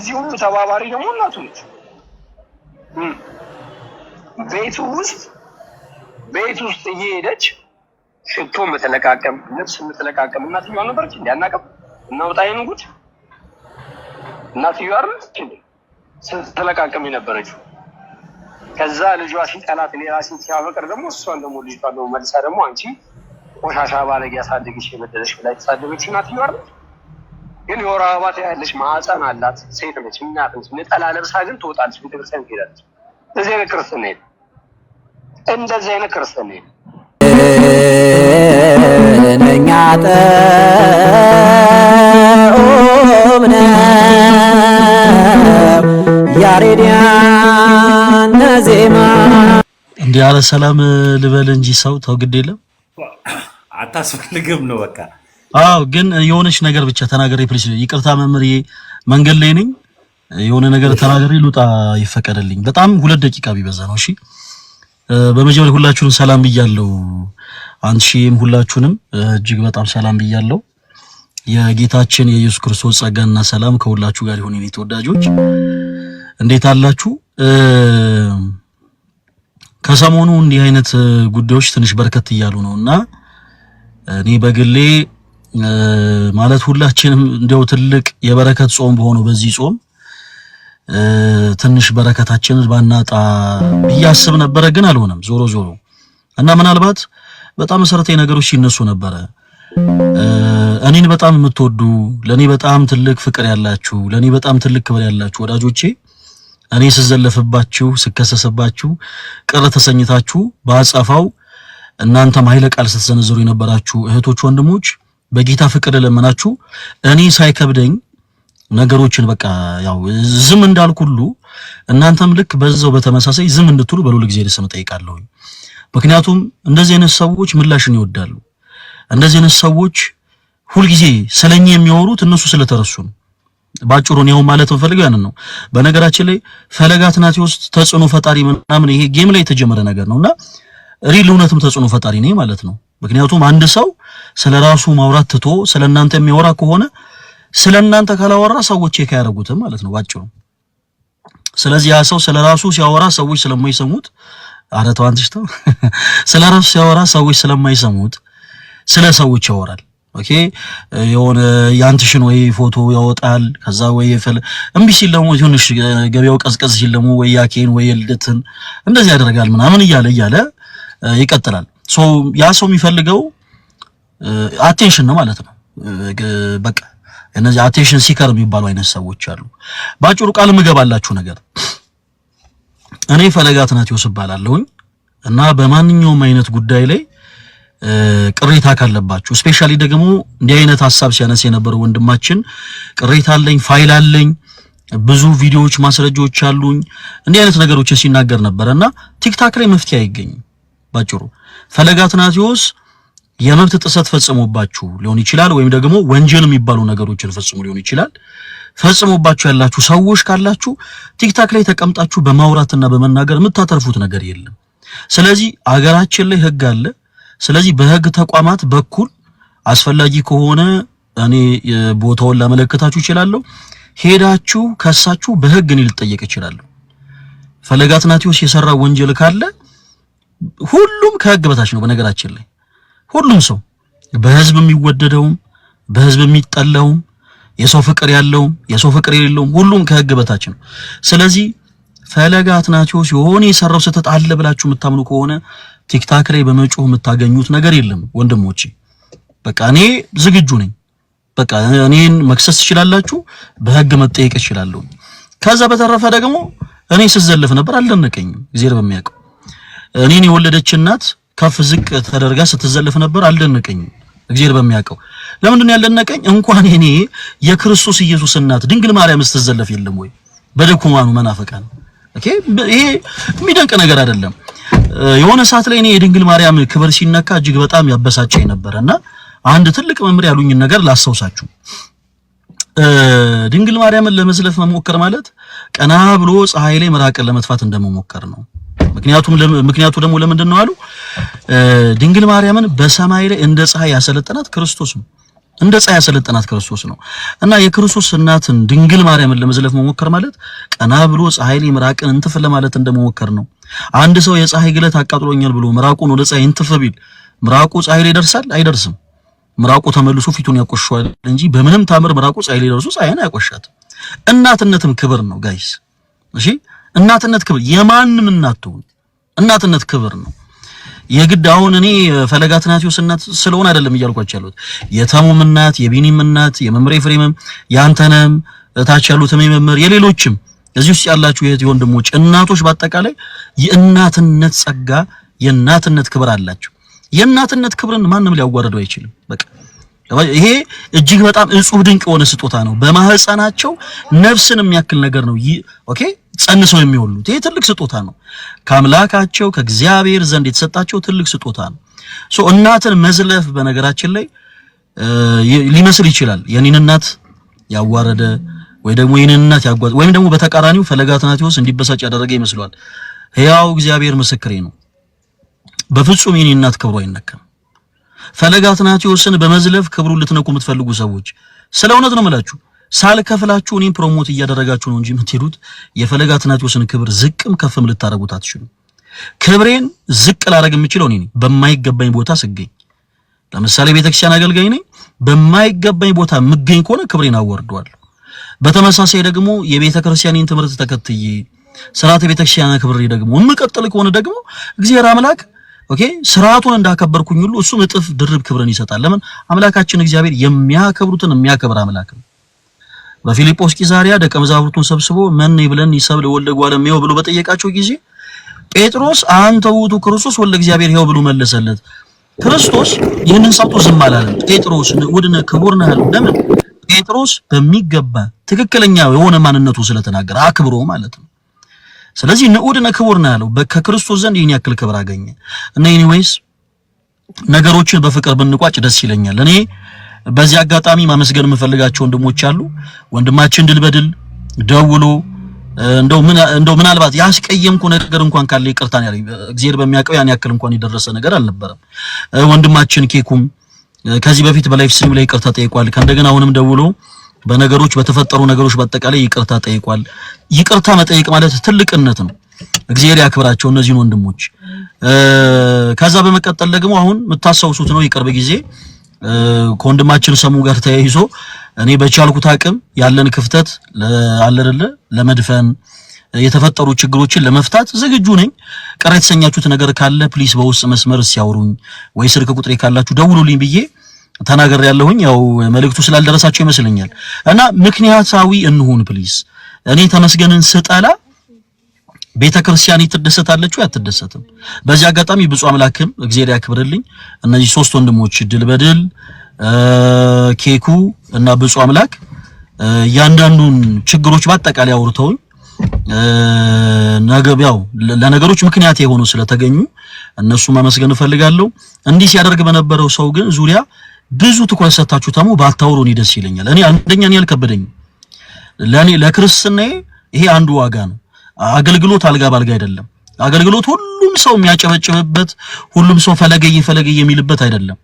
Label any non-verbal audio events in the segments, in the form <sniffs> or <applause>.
የዚህ ሁሉ ተባባሪ ደግሞ እናቱ ነች። ቤቱ ውስጥ ቤት ውስጥ እየሄደች ሽቶ የምትለቃቀም ልብስ የምትለቃቀም እናትየዋ ነበረች። እንዲያናቀም እናውጣይን ጉድ እናትየዋ አርለች ስትለቃቀም የነበረችው ከዛ ልጇ ሲጠላት ሌላ ሴት ሲያፈቅር ደግሞ እሷን ደግሞ ልጅቷ ደግሞ መልሳ ደግሞ አንቺ ቆሻሻ ባለጌ ያሳደግሽ የበደለሽ ብላ የተሳደበች እናትየዋ አርለች። ግን የወር አበባ ታያለች፣ ማዕፀን አላት፣ ሴት ነች፣ እናት ነች። ነጠላ ለብሳ ግን ትወጣለች፣ ቤተክርስቲያን ትሄዳለች። እዚህ አይነት ክርስትና የለም። እንደዚህ አይነት ክርስትና የለም። ነኛ ጠምነ ያሬዲያን ዜማ እንዲህ አለ። ሰላም ልበል እንጂ ሰው ተው፣ ግድ የለም አታስፈልግም ነው በቃ አዎ ግን የሆነች ነገር ብቻ ተናገሬ ፕሊስ። ይቅርታ መምህር፣ መንገድ ላይ ነኝ። የሆነ ነገር ተናገሬ ልውጣ ይፈቀደልኝ። በጣም ሁለት ደቂቃ ቢበዛ ነው። እሺ፣ በመጀመሪያ ሁላችሁንም ሰላም ብያለሁ። አንቺ ሺህም ሁላችሁንም እጅግ በጣም ሰላም ብያለሁ። የጌታችን የኢየሱስ ክርስቶስ ጸጋና ሰላም ከሁላችሁ ጋር ይሁን። የኔ ተወዳጆች እንዴት አላችሁ? ከሰሞኑ እንዲህ አይነት ጉዳዮች ትንሽ በርከት እያሉ ነውና እኔ በግሌ ማለት ሁላችንም እንዲያው ትልቅ የበረከት ጾም በሆነው በዚህ ጾም ትንሽ በረከታችንን ባናጣ ብያስብ ነበረ፣ ግን አልሆነም። ዞሮ ዞሮ እና ምናልባት በጣም መሰረታዊ ነገሮች ሲነሱ ነበረ። እኔን በጣም የምትወዱ ለኔ በጣም ትልቅ ፍቅር ያላችሁ፣ ለኔ በጣም ትልቅ ክብር ያላችሁ ወዳጆቼ እኔ ስዘለፍባችሁ፣ ስከሰስባችሁ፣ ቅር ተሰኝታችሁ በአጸፋው እናንተም ኃይለ ቃል ስትዘነዘሩ የነበራችሁ እህቶች ወንድሞች በጌታ ፍቅር ለመናችሁ እኔ ሳይከብደኝ ነገሮችን በቃ ያው ዝም እንዳልኩ ሁሉ እናንተም ልክ በዛው በተመሳሳይ ዝም እንድትሉ በልዑል እግዚአብሔር ስም እጠይቃለሁ። ምክንያቱም እንደዚህ አይነት ሰዎች ምላሽን ይወዳሉ። እንደዚህ አይነት ሰዎች ሁልጊዜ ስለኛ የሚያወሩት እነሱ ስለተረሱ ነው። ባጭሩ ነው ማለት የምፈልገው ያንን ነው። በነገራችን ላይ ፈለገ አትናትዮስ ተጽዕኖ ፈጣሪ ምናምን ይሄ ጌም ላይ የተጀመረ ነገር ነውና ሪል እውነትም ተጽዕኖ ፈጣሪ ነኝ ማለት ነው። ምክንያቱም አንድ ሰው ስለ ራሱ ማውራት ትቶ ስለ እናንተ የሚያወራ ከሆነ ስለ እናንተ ካላወራ ሰዎች ቼክ አያደርጉትም ማለት ነው ባጭሩ። ስለዚህ ያ ሰው ስለ ራሱ ሲያወራ ሰዎች ስለማይሰሙት ኧረ ተው አንተ ሽተው <laughs> ስለ ራሱ ሲያወራ ሰዎች ስለማይሰሙት ስለ ሰዎች ያወራል። ኦኬ የሆነ ያንትሽን ወይ ፎቶ ያወጣል። ከዛ ወይ ፈል እምቢ ሲል ደግሞ ትንሽ ገበያው ቀዝቀዝ ሲል ደግሞ ወይ ያኬን ወይ ልደትን እንደዚህ ያደርጋል ምናምን እያለ እያለ ይቀጥላል። ያ ሰው የሚፈልገው አቴንሽን ነው ማለት ነው። በቃ እነዚህ አቴንሽን ሲከር የሚባሉ አይነት ሰዎች አሉ። በአጭሩ ቃል ምገባላችሁ ነገር <sniffs> እኔ ፈለገ አትናትዮስ እባላለሁኝ እና በማንኛውም አይነት ጉዳይ ላይ ቅሬታ ካለባችሁ ስፔሻሊ ደግሞ እንዲህ አይነት ሀሳብ ሲያነስ የነበረው ወንድማችን ቅሬታ አለኝ፣ ፋይል አለኝ፣ ብዙ ቪዲዮዎች፣ ማስረጃዎች አሉኝ እንዲህ አይነት ነገሮችን ሲናገር ነበረ እና ቲክታክ ላይ መፍትሄ አይገኝም። ባጭሩ ፈለገ አትናትዮስ የመብት ጥሰት ፈጽሞባችሁ ሊሆን ይችላል፣ ወይም ደግሞ ወንጀል የሚባሉ ነገሮችን ፈጽሞ ሊሆን ይችላል። ፈጽሞባችሁ ያላችሁ ሰዎች ካላችሁ ቲክታክ ላይ ተቀምጣችሁ በማውራትና በመናገር የምታተርፉት ነገር የለም። ስለዚህ አገራችን ላይ ህግ አለ። ስለዚህ በህግ ተቋማት በኩል አስፈላጊ ከሆነ እኔ ቦታውን ላመለከታችሁ እችላለሁ። ሄዳችሁ ከሳችሁ በህግ እኔ ልጠየቅ እችላለሁ። ፈለጋት ናቲዎስ የሰራ ወንጀል ካለ ሁሉም ከህግ በታች ነው በነገራችን ላይ ሁሉም ሰው በህዝብ የሚወደደውም በህዝብ የሚጠላውም የሰው ፍቅር ያለውም የሰው ፍቅር የሌለውም ሁሉም ከህግ በታች ነው። ስለዚህ ፈለገ አትናቴዎስ የሆነ የሰራው ስህተት አለ ብላችሁ የምታምኑ ከሆነ ቲክታክ ላይ በመጮህ የምታገኙት ነገር የለም ወንድሞቼ። በቃ እኔ ዝግጁ ነኝ። በቃ እኔን መክሰስ ትችላላችሁ፣ በህግ መጠየቅ እችላለሁ። ከዛ በተረፈ ደግሞ እኔ ስዘልፍ ነበር አልደነቀኝም። ጊዜ በሚያውቀው እኔን የወለደች እናት ከፍ ዝቅ ተደርጋ ስትዘልፍ ነበር። አልደነቀኝ እግዚአብሔር በሚያውቀው ለምንድን ነው ያልደነቀኝ? እንኳን እኔ የክርስቶስ ኢየሱስ እናት ድንግል ማርያም ስትዘለፍ የለም ወይ? በደኩማኑ መናፈቃን ኦኬ፣ ይሄ የሚደንቅ ነገር አይደለም። የሆነ ሰዓት ላይ እኔ የድንግል ማርያም ክብር ሲነካ እጅግ በጣም ያበሳጨኝ ነበር አንድ ትልቅ መምህር ያሉኝን ነገር ላስታውሳችሁ። ድንግል ማርያምን ለመዝለፍ መሞከር ማለት ቀና ብሎ ፀሐይ ላይ ምራቅን ለመጥፋት እንደመሞከር ነው። ምክንያቱም ምክንያቱ ደግሞ ለምንድን ነው አሉ ድንግል ማርያምን በሰማይ ላይ እንደ ፀሐይ ያሰለጠናት ክርስቶስ ነው። እንደ ፀሐይ ያሰለጠናት ክርስቶስ ነው እና የክርስቶስ እናትን ድንግል ማርያምን ለመዝለፍ መሞከር ማለት ቀና ብሎ ፀሐይ ላይ ምራቅን እንትፍ ለማለት እንደመሞከር ነው። አንድ ሰው የፀሐይ ግለት አቃጥሎኛል ብሎ ምራቁን ወደ ፀሐይ እንትፍ ቢል ምራቁ ፀሐይ ላይ ይደርሳል? አይደርስም። ምራቁ ተመልሶ ፊቱን ያቆሸዋል እንጂ በምንም ታምር ምራቁ ፀሐይ ላይ ደርሶ ፀሐይን አያቆሻትም። እናትነትም ክብር ነው ጋይስ። እሺ እናትነት ክብር የማንም እናት ትሁን እናትነት ክብር ነው። የግድ አሁን እኔ ፈለገ አትናትዮስ እናት ስለሆነ አይደለም እያልኳቸው ያሉት የተሙም እናት የቢኒም እናት የመምሬ ፍሬምም የአንተነም እታች ያሉትም የመምር የሌሎችም እዚህ ውስጥ ያላችሁ የእህት የወንድሞች እናቶች በአጠቃላይ የእናትነት ጸጋ የእናትነት ክብር አላችሁ። የእናትነት ክብርን ማንም ሊያዋርደው አይችልም። በቃ ይሄ እጅግ በጣም እጹብ ድንቅ የሆነ ስጦታ ነው። በማህፀናቸው ነፍስን የሚያክል ነገር ነው። ኦኬ ጸንሰው የሚወሉት ይሄ ትልቅ ስጦታ ነው። ከአምላካቸው ከእግዚአብሔር ዘንድ የተሰጣቸው ትልቅ ስጦታ ነው። ሶ እናትን መዝለፍ በነገራችን ላይ ሊመስል ይችላል የኔን እናት ያዋረደ ወይ ደግሞ የኔን እናት ያጓዘ ወይም ደግሞ በተቃራኒው ፈለገ አትናቴዎስ እንዲበሳጭ ያደረገ ይመስለዋል። ሕያው እግዚአብሔር ምስክሬ ነው፣ በፍጹም የኔ እናት ክብሩ አይነካም። ፈለገ አትናቴዎስን በመዝለፍ ክብሩን ልትነኩ የምትፈልጉ ሰዎች ስለ እውነት ነው የምላችሁ። ሳልከፍላችሁ እኔም ፕሮሞት እያደረጋችሁ ነው እንጂ የምትሄዱት የፈለገ አትናትዮስን ክብር ዝቅም ከፍም ልታደርጉት አትችሉ። ክብሬን ዝቅ ላደርግ የምችለው እኔ በማይገባኝ ቦታ ስገኝ። ለምሳሌ ቤተክርስቲያን አገልጋይ ነኝ፣ በማይገባኝ ቦታ ምገኝ ከሆነ ክብሬን አወርደዋለሁ። በተመሳሳይ ደግሞ የቤተክርስቲያንን ትምህርት ተከትዬ ስርዓተ ቤተ ክብሬ ደግሞ የምቀጥል ከሆነ ደግሞ እግዚአብሔር አምላክ ኦኬ ስርዓቱን እንዳከበርኩኝ ሁሉ እሱም እጥፍ ድርብ ክብርን ይሰጣል። ለምን አምላካችን እግዚአብሔር የሚያከብሩትን የሚያከብር አምላክ ነው። በፊልጶስ ቂሳሪያ ደቀ መዛሙርቱን ሰብስቦ መን ይብለን ይሰብል ወልደ እጓለ እመሕያው ብሎ በጠየቃቸው ጊዜ ጴጥሮስ አንተ ውእቱ ክርስቶስ ወልደ እግዚአብሔር ሕያው ብሎ መለሰለት። ክርስቶስ ይህንን ሰምቶ ዝም አላለም። ጴጥሮስ ንዑድነ ክቡር ነህ አለው። ለምን? ጴጥሮስ በሚገባ ትክክለኛ የሆነ ማንነቱ ስለተናገረ አክብሮ ማለት ነው። ስለዚህ ንዑድነ ክቡር ነህ አለው። ከክርስቶስ ዘንድ ይህን ያክል ክብር አገኘ እና ኤኒዌይስ ነገሮችን በፍቅር ብንቋጭ ደስ ይለኛል እኔ በዚህ አጋጣሚ ማመስገን የምፈልጋቸው ወንድሞች አሉ። ወንድማችን ድል በድል ደውሎ እንደው ምን እንደው ምናልባት ያስቀየምኩ ነገር እንኳን ካለ ይቅርታን ያለኝ እግዚአብሔር በሚያውቀው ያን ያክል እንኳን የደረሰ ነገር አልነበረም። ወንድማችን ኬኩም ከዚህ በፊት በላይፍ ስሙ ላይ ይቅርታ ጠይቋል። ከእንደገና አሁንም ደውሎ በነገሮች በተፈጠሩ ነገሮች በአጠቃላይ ይቅርታ ጠይቋል። ይቅርታ መጠየቅ ማለት ትልቅነት ነው። እግዚአብሔር ያክብራቸው እነዚህን ወንድሞች። ከዛ በመቀጠል ደግሞ አሁን የምታስታውሱት ነው የቅርብ ጊዜ ከወንድማችን ሰሙ ጋር ተያይዞ እኔ በቻልኩት አቅም ያለን ክፍተት አለርለ ለመድፈን የተፈጠሩ ችግሮችን ለመፍታት ዝግጁ ነኝ። ቅር የተሰኛችሁት ነገር ካለ ፕሊስ በውስጥ መስመር ሲያወሩኝ ወይ ስልክ ቁጥሬ ካላችሁ ደውሉልኝ ብዬ ተናገር ያለሁኝ። ያው መልእክቱ ስላልደረሳቸው ይመስለኛል እና ምክንያታዊ እንሁን ፕሊስ። እኔ ተመስገንን ስጠላ ቤተ ክርስቲያን ትደሰታለች ወይ አትደሰትም? በዚህ አጋጣሚ ብዙ አምላክም እግዚአብሔር ያክብርልኝ። እነዚህ ሶስት ወንድሞች ድል በድል ኬኩ እና ብፁዕ አምላክ ያንዳንዱን ችግሮች በአጠቃላይ አውርተው ነገቢያው ለነገሮች ምክንያት የሆኑ ስለተገኙ እነሱ ማመስገን እፈልጋለሁ። እንዲህ ሲያደርግ በነበረው ሰው ግን ዙሪያ ብዙ ትኩረት ሰጥታችሁ ተሙ ባታወሩ እኔ ደስ ይለኛል። እኔ አንደኛ እኔ አልከበደኝም። ለኔ ለክርስትናዬ ይሄ አንዱ ዋጋ ነው። አገልግሎት አልጋ ባልጋ አይደለም። አገልግሎት ሁሉም ሰው የሚያጨበጭብበት ሁሉም ሰው ፈለገዬ ፈለገዬ የሚልበት አይደለም።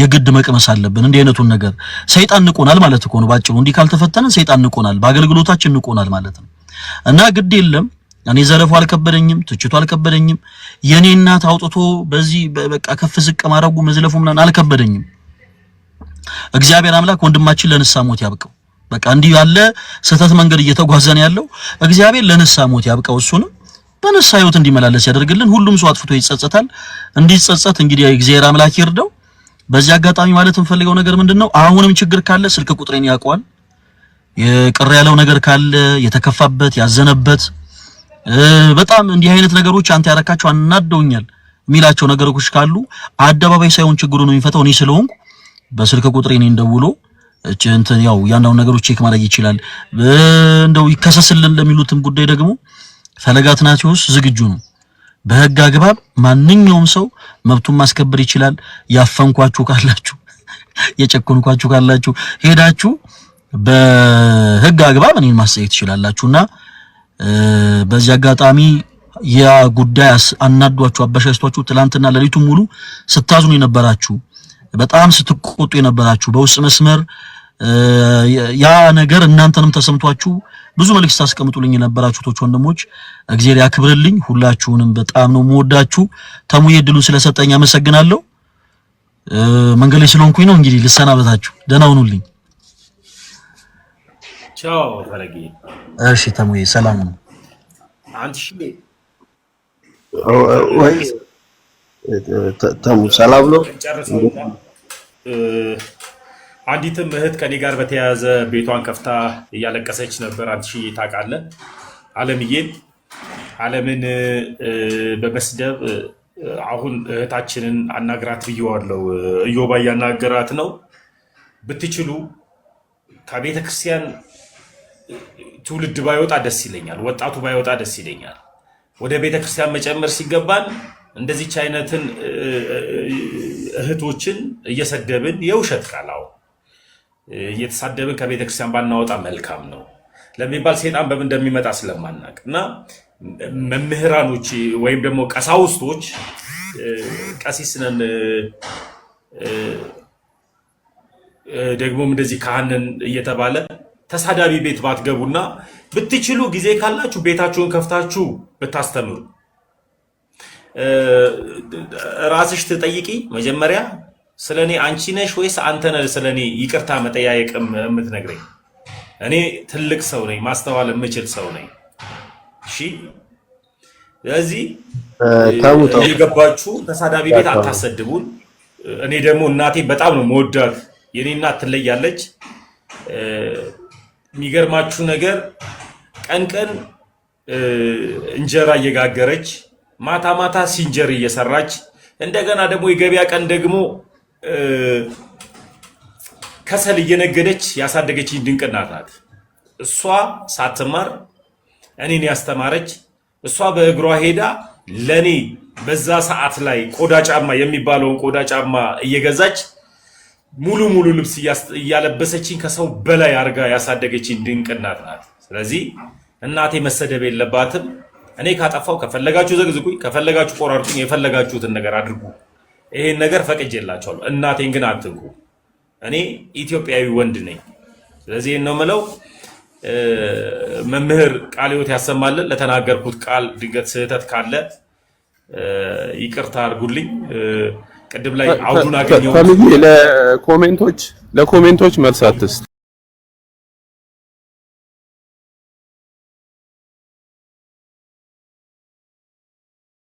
የግድ መቅመስ አለብን። እንዲህ አይነቱን ነገር ሰይጣን ንቆናል ማለት እኮ ነው ባጭሩ። እንዲህ ካልተፈተንን ሰይጣን ንቆናል፣ በአገልግሎታችን ንቆናል ማለት ነው። እና ግድ የለም እኔ ዘረፉ አልከበደኝም፣ ትችቱ አልከበደኝም። የኔ እናት አውጥቶ በዚህ በቃ ከፍ ዝቅ ማድረጉ መዝለፉ ምናምን አልከበደኝም። እግዚአብሔር አምላክ ወንድማችን ለንስሐ ሞት ያብቀው። በቃ እንዲህ ያለ ስህተት መንገድ እየተጓዘን ያለው እግዚአብሔር ለንሳ ሞት ያብቃው። እሱንም በንሳ ህይወት እንዲመላለስ ያደርግልን። ሁሉም ሰው አጥፍቶ ይጸጸታል። እንዲጸጸት እንግዲህ እግዚአብሔር አምላክ ይርደው። በዚህ አጋጣሚ ማለት እንፈልገው ነገር ምንድነው፣ አሁንም ችግር ካለ ስልክ ቁጥሬን ያውቀዋል። የቀረ ያለው ነገር ካለ የተከፋበት፣ ያዘነበት በጣም እንዲህ አይነት ነገሮች አንተ ያረካቸው አናደውኛል የሚላቸው ነገሮች ካሉ አደባባይ ሳይሆን ችግሩን የሚፈታው እኔ ስለሆንኩ በስልክ ቁጥሬ እኔን ደውሎ እንትን ያው ያንዳንዱ ነገሮች ቼክ ማድረግ ይችላል። እንደው ይከሰስልን ለሚሉትም ጉዳይ ደግሞ ፈለገ አትናትዮስ ዝግጁ ነው። በህግ አግባብ ማንኛውም ሰው መብቱን ማስከበር ይችላል። ያፈንኳችሁ ካላችሁ፣ የጨኮንኳችሁ ካላችሁ ሄዳችሁ በህግ አግባብ እኔን ማስጠየቅ ትችላላችሁና በዚህ አጋጣሚ ያ ጉዳይ አናዷችሁ አበሻሽቷችሁ ትላንትና ሌሊቱን ሙሉ ስታዝኑ የነበራችሁ በጣም ስትቆጡ የነበራችሁ በውስጥ መስመር ያ ነገር እናንተንም ተሰምቷችሁ ብዙ መልእክት ታስቀምጡልኝ የነበራችሁ ቶች ወንድሞች እግዚአብሔር ያክብርልኝ። ሁላችሁንም በጣም ነው የምወዳችሁ። ተሙዬ እድሉን ስለሰጠኝ አመሰግናለሁ። መንገድ ላይ ስለሆንኩኝ ነው እንግዲህ ልሰናበታችሁ። ደህና ሁኑልኝ። ቻው ፈለጌ። እሺ ተሙዬ ሰላም ነው። አንቺ ወይ ተሙ ሰላም ነው። አንዲትም እህት ከኔ ጋር በተያያዘ ቤቷን ከፍታ እያለቀሰች ነበር። አንቺ ታውቃለህ፣ አለምዬን አለምን በመስደብ አሁን እህታችንን አናግራት ብየዋለው። እዮባ እያናገራት ነው። ብትችሉ ከቤተ ክርስቲያን ትውልድ ባይወጣ ደስ ይለኛል፣ ወጣቱ ባይወጣ ደስ ይለኛል። ወደ ቤተ ክርስቲያን መጨመር ሲገባን እንደዚች አይነትን እህቶችን እየሰደብን የውሸት ቃል አሁን እየተሳደብን ከቤተ ክርስቲያን ባናወጣ መልካም ነው ለሚባል ሴጣን በምን እንደሚመጣ ስለማናቅ እና መምህራኖች ወይም ደግሞ ቀሳውስቶች ቀሲስ ነን ደግሞም እንደዚህ ካህንን እየተባለ ተሳዳቢ ቤት ባትገቡና ብትችሉ ጊዜ ካላችሁ ቤታችሁን ከፍታችሁ ብታስተምሩ ራስሽ ትጠይቂ መጀመሪያ ስለ እኔ አንቺ ነሽ ወይስ አንተ ነህ ስለ እኔ ይቅርታ መጠያየቅ የምትነግረኝ? እኔ ትልቅ ሰው ነኝ፣ ማስተዋል የምችል ሰው ነኝ። እሺ፣ ስለዚህ የገባችሁ ተሳዳቢ ቤት አታሰድቡን። እኔ ደግሞ እናቴ በጣም ነው መወዳት፣ የኔ እናት ትለያለች። የሚገርማችሁ ነገር ቀን ቀን እንጀራ እየጋገረች ማታ ማታ ሲንጀር እየሰራች እንደገና ደግሞ የገበያ ቀን ደግሞ ከሰል እየነገደች ያሳደገች ድንቅ እናት ናት። እሷ ሳትማር እኔን ያስተማረች እሷ በእግሯ ሄዳ ለኔ በዛ ሰዓት ላይ ቆዳ ጫማ የሚባለውን ቆዳ ጫማ እየገዛች ሙሉ ሙሉ ልብስ እያለበሰችኝ ከሰው በላይ አድርጋ ያሳደገችኝ ድንቅ እናት ናት። ስለዚህ እናቴ መሰደብ የለባትም። እኔ ካጠፋው ከፈለጋችሁ ዘግዝቁኝ፣ ከፈለጋችሁ ቆራርጡኝ፣ የፈለጋችሁትን ነገር አድርጉ። ይሄን ነገር ፈቅጄላቸዋለሁ። እናቴን ግን አትንኩ። እኔ ኢትዮጵያዊ ወንድ ነኝ። ስለዚህ ነው ምለው። መምህር ቃልዮት ያሰማልን። ለተናገርኩት ቃል ድንገት ስህተት ካለ ይቅርታ አድርጉልኝ። ቅድም ላይ አውዱን አገኘሁ። ለኮሜንቶች መልስ አትስጥ።